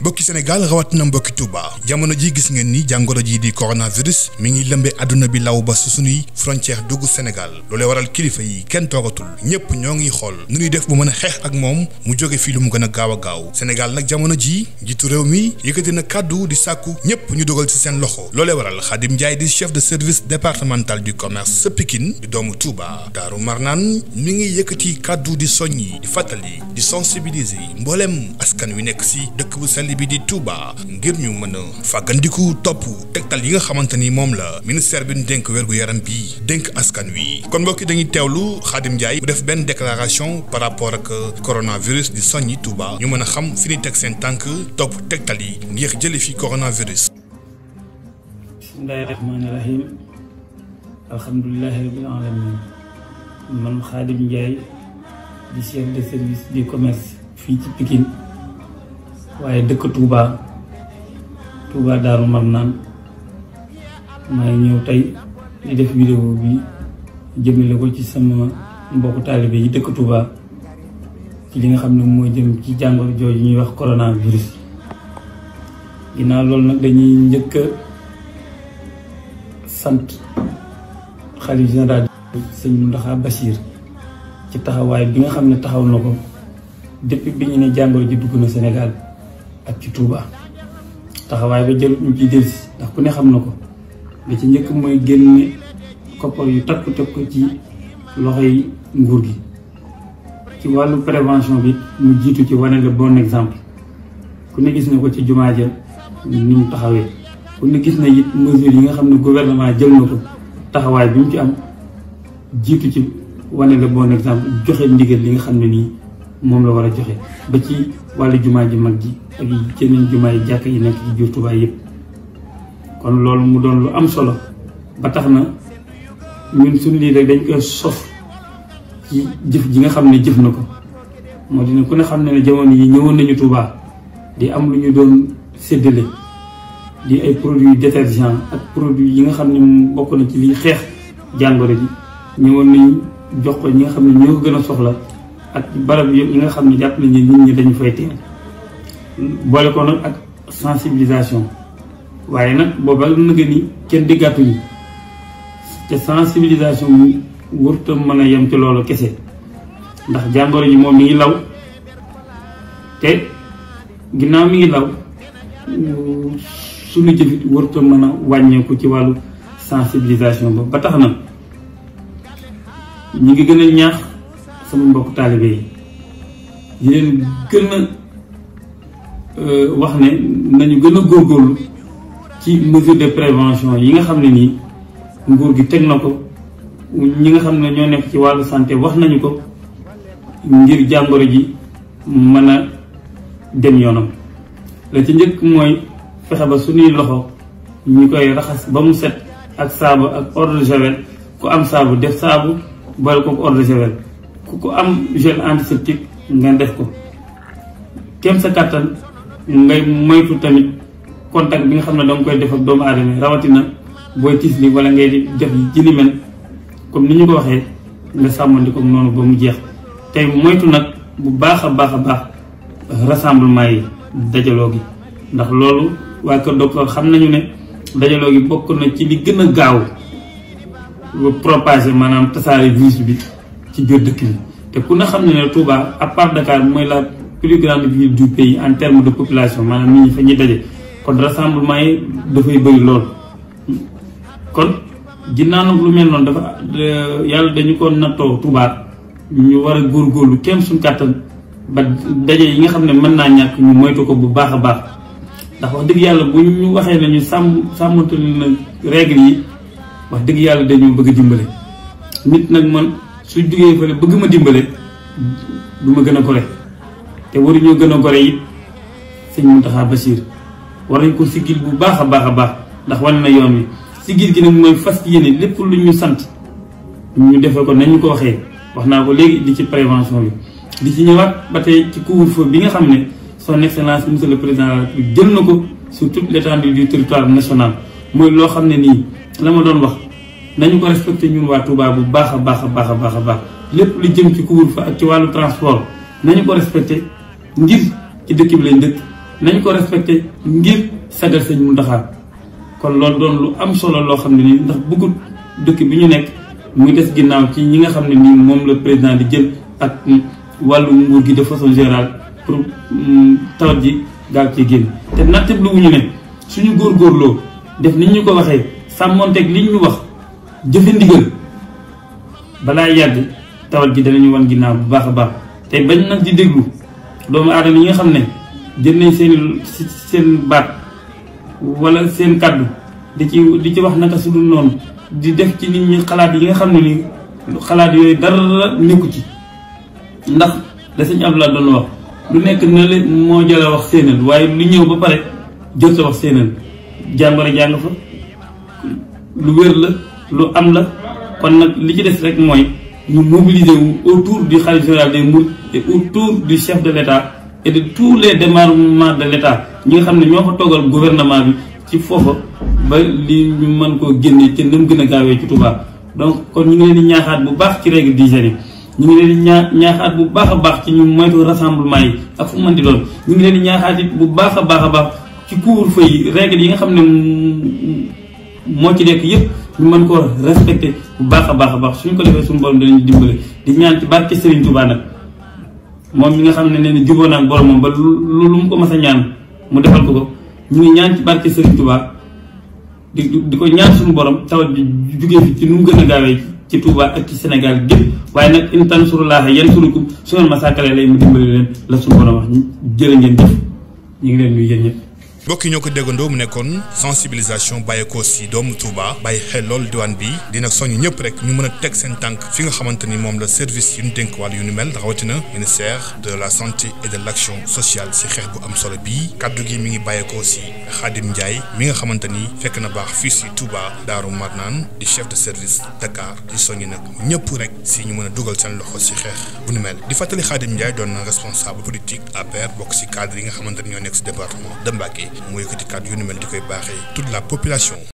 mbokki Sénégal na mbokki Touba jamono ji gis ngeen ni jàngoro ji di coronavirus mi ngi lëmbee àdduna bi law ba su suñuy frontière dugg Sénégal loolee waral kilifa yi kenn toogatul ñëpp ñoo ngi xool nu ñuy def bu mën a xeex ak moom mu jóge fii lu mu gën gaaw a gaaw Sénégal nag jamono ji njiitu réew mi yëkkati na kàddu di sàkku ñëpp ñu dogal ci seen loxo loolee waral Khadim Ndiaye di chef de service départemental du commerce sa Pikine di doomu Touba Daaru Marnaan mi ngi yëkkati kàddu di yi di fàttali di sensibiliser mbooleem askan wi nekk si dëkk bu sell sell bi di Touba ngir ñu mën a topp tegtal yi nga xamante ni moom la ministère bi ñu dénk wér yaram bi dénk askan wi kon mbokki dañuy teewlu Xaadim Ndiaye mu def benn déclaration par rapport ak coronavirus di soññi Touba ñu mën a xam fi ñuy teg seen tànk topp tegtal yi ngir jële fi coronavirus. bismillahi rahmaani waaye dëkk Touba Touba Daaru Marnaan may ñëw tey di def vidéo bi jëmale ko ci sama mbokku taalibe yi dëkk Touba ci li nga xam ne moo jëm ci jàngoro jooju ñuy wax coronavirus ginnaaw loolu nag dañuy njëkk a sant xalif général sëñ Mountakha Bachir ci taxawaay bi nga xam ne taxaw na ko depuis bi ñu ne jàngoro ji dugg na Sénégal ak ci Touba taxawaay ba jël ñu ci si ndax ku ne xam na ko da ci njëkk mooy génne koppar yu takku teg ko ci yi nguur gi ci wàllu prévention bi mu jiitu ci wane le bon exemple ku ne gis na ko ci jumaa ni mu taxawee ku gis na it yi nga xam ne gouvernement jël na ko taxawaay bi mu ci am jiitu ci wane la bon exemple joxe ndigal li nga xam ne nii moom la war a joxe ba ci wàllu jumaa ji mag ji ak yeneen jumaa yi jàkk yi nekk ci biir Tuubaa yëpp kon loolu mu doon lu am solo ba tax na mun suñ lii rek dañ koy sof ci jëf ji nga xam ne jëf na ko moo dina ku ne xam ne ne jamono yi ñëwoon nañu Tuubaa di am lu ñu doon séddale di ay produits détergent ak produits yi nga xam ne bokk na ci liy xeex jàngoro ji ñëwoon nañu jox ko ñi nga xam ne ñoo ko gën a soxla ak barab yi nga xam ne jàpp nañu nit ñi dañu fay teew boole ko nag ak sensibilisation waaye nag booba na nga ni kenn diggatuñu te sensibilisation mu wërta mën a yem ci loolu kese ndax jàngoro ji moom mi ngi law te ginnaaw mi ngi law suñu jëfit wërta mën a wàññeeku ci wàllu sensibilisation ba ba tax na ñu ngi gën ñaax sama mbokk taalibe yi di leen gën a euh, wax ne nañu gën a góor góorgóorlu ci mesure de prévention yi nga xam ne nii nguur gi teg na ko ñi nga xam ne ñoo nekk ci wàllu santé wax nañu ko ngir jàngoro ji mën a dem yoonam la ci njëkk mooy fexe ba suñuy loxo ñu koy raxas ba mu set ak saabu ak eau ku am saabu def saabu boole ko eau ku ko am gel antiseptique nga def ko kem sa kàttan ngay moytu tamit contact bi nga xam ne danga koy def ak doomu aadama rawatina booy tiis li wala ngay def jili mel comme ni ñu ko waxee nga sàmmandi ko noonu ba mu jeex tey moytu nag bu baax a baax a baax rassemblement yi dajaloo gi ndax loolu waa kër docteur xam nañu ne dajaloo gi bokk na ci li gën a gaaw propager maanaam tasaare virus bi ci biir dëkk bi te ku ne xam ne ne Touba à part Dakar mooy la plus grande ville du pays en terme de population maanaam nit ñi fa ñuy daje kon rassemblement yi dafay bëri lool. kon ginnaaw nag lu mel noonu dafa euh, yàlla dañu ko nattoo Touba ñu war a lu kenn suñ kàttan ba daje yi nga xam ne mën naa ñàkk ñu moytu ko bu baax a baax ndax wax dëgg yàlla bu ñu waxee ne ñu sàmm sàmmantal na règle yi wax dëgg yàlla dañu bëgg dimbale nit nag man. su suñ jugee fële bëgg ma dimbale du ma gën a gore te waruñoo gën a gore it sëñ Mountakha Bachir war nañ ko siggil bu baax a baax a baax ndax wane na yoon wi siggil gi nag mooy fas yéene lépp lu ñu sant ñu defee ko nañu ko waxee wax naa ko léegi di ci prévention bi di ci ñëwaat ba tey ci couvre-feu bi nga xam ne soo son excellence monsieur le président de jël na ko sur toute l'étendue du territoire national mooy loo xam ne nii la ma doon wax nañu ko respecté ñun waa Touba bu baax a baax a baax a baax a baax lépp lu jëm ci couvre fa ak ci wàllu transport nañu ko respecté ngir ci dëkk bi lañ dëkk nañu ko respecté ngir sagal sëñ Muntaxa kon loolu doon lu am solo loo xam ne nii ndax bëggul dëkk bi ñu nekk muy des ginnaaw ci ñi nga xam ne nii moom la président di jël ak wàllu nguur gi de façon générale pour mm, tawat ji gaaw ci génn te nattab lu wuñu ne suñu góorloo def ni ñu ko waxee sàmmonteeg li ñu wax jëfe ndigal balaa yàgg tawat ji danañu wan ginnaaw bu baax a baax te bañ nag di déglu doomu aadama yi nga xam ne jël nañ seen seen baat wala seen kàddu di ci di ci wax naka su dul noonu di def ci nit ñi xalaat yi nga xam ne ni xalaat yooyu dara nekku ci ndax da sëñ Abdoulaye doon wax lu nekk na la moo jala wax séenal waaye lu ñëw ba pare jot sa wax séenal jàngoro jàng fa lu wér la lu am la kon nag li ci des rek mooy ñu mobiliser wu autour du khalife général des mourides et autour du chef de l' état et de tous les démarrements de l' état ñi nga xam ne ñoo ko toogal gouvernement bi ci foofu ba li ñu mën koo génne kenn nam gën a gaawee ci Touba donc kon ñu ngi leen di ñaaxaat bu baax ci règle d'hygiène yi ñu ngi leen di ñaa ñaaxaat bu baax a baax ci ñu moytu rassemblement yi ak fu mën di doon ñu ngi leen di ñaaxaat it bu baax a baax a baax ci couvre-feu yi règle yi nga xam ne moo ci nekk yëpp ñu mën koo respecté bu baax a baax a baax suñ ko defee suñu borom dinañu dimbale di ñaan ci barke Serigne Touba nag moom mi nga xam ne nee na jubóo naag boromam ba lu lu mu ko mas a ñaan mu defal ko ko ñu ngi ñaan ci barke Serigne Touba di di ko ñaan suñu borom tawat di jugee fi ci nu gën a gaawee ci Touba ak ci Sénégal gépp waaye nag in tansurullaaha yansurkum su ngeen ma sàkkalee lay mu dimbale leen la suñu borom wax jërë ngeen jëf ñu ngi leen nuyu mbokk ñoo ko déggandoo mu nekkoon sensibilisation bàyyeekoo si doomu Touba bàyyi xel lool diwaan bi dina soñu ñëpp rek ñu mën a teg seen tànk fi nga xamante ni moom la service yu ñu dénk wàllu yu ni mel rawatina ministère de la santé et de l' sociale si xeex bu am solo bii kàddu gi mi ngi bàyyeekoo si Khadim Ndiaye mi nga xamante ni fekk na baax fii si Touba Daaru Marnaan di chef de service Dakar di soñu nag ñëpp rek si ñu mën a dugal seen loxo si xeex bu ni mel di fàttali Khadim Ndiaye doon na responsable bokk si cadre yi nga xamante ni ñoo nekk si département de mu yëkkati kàddu yu ni mel di koy baaxee toute la population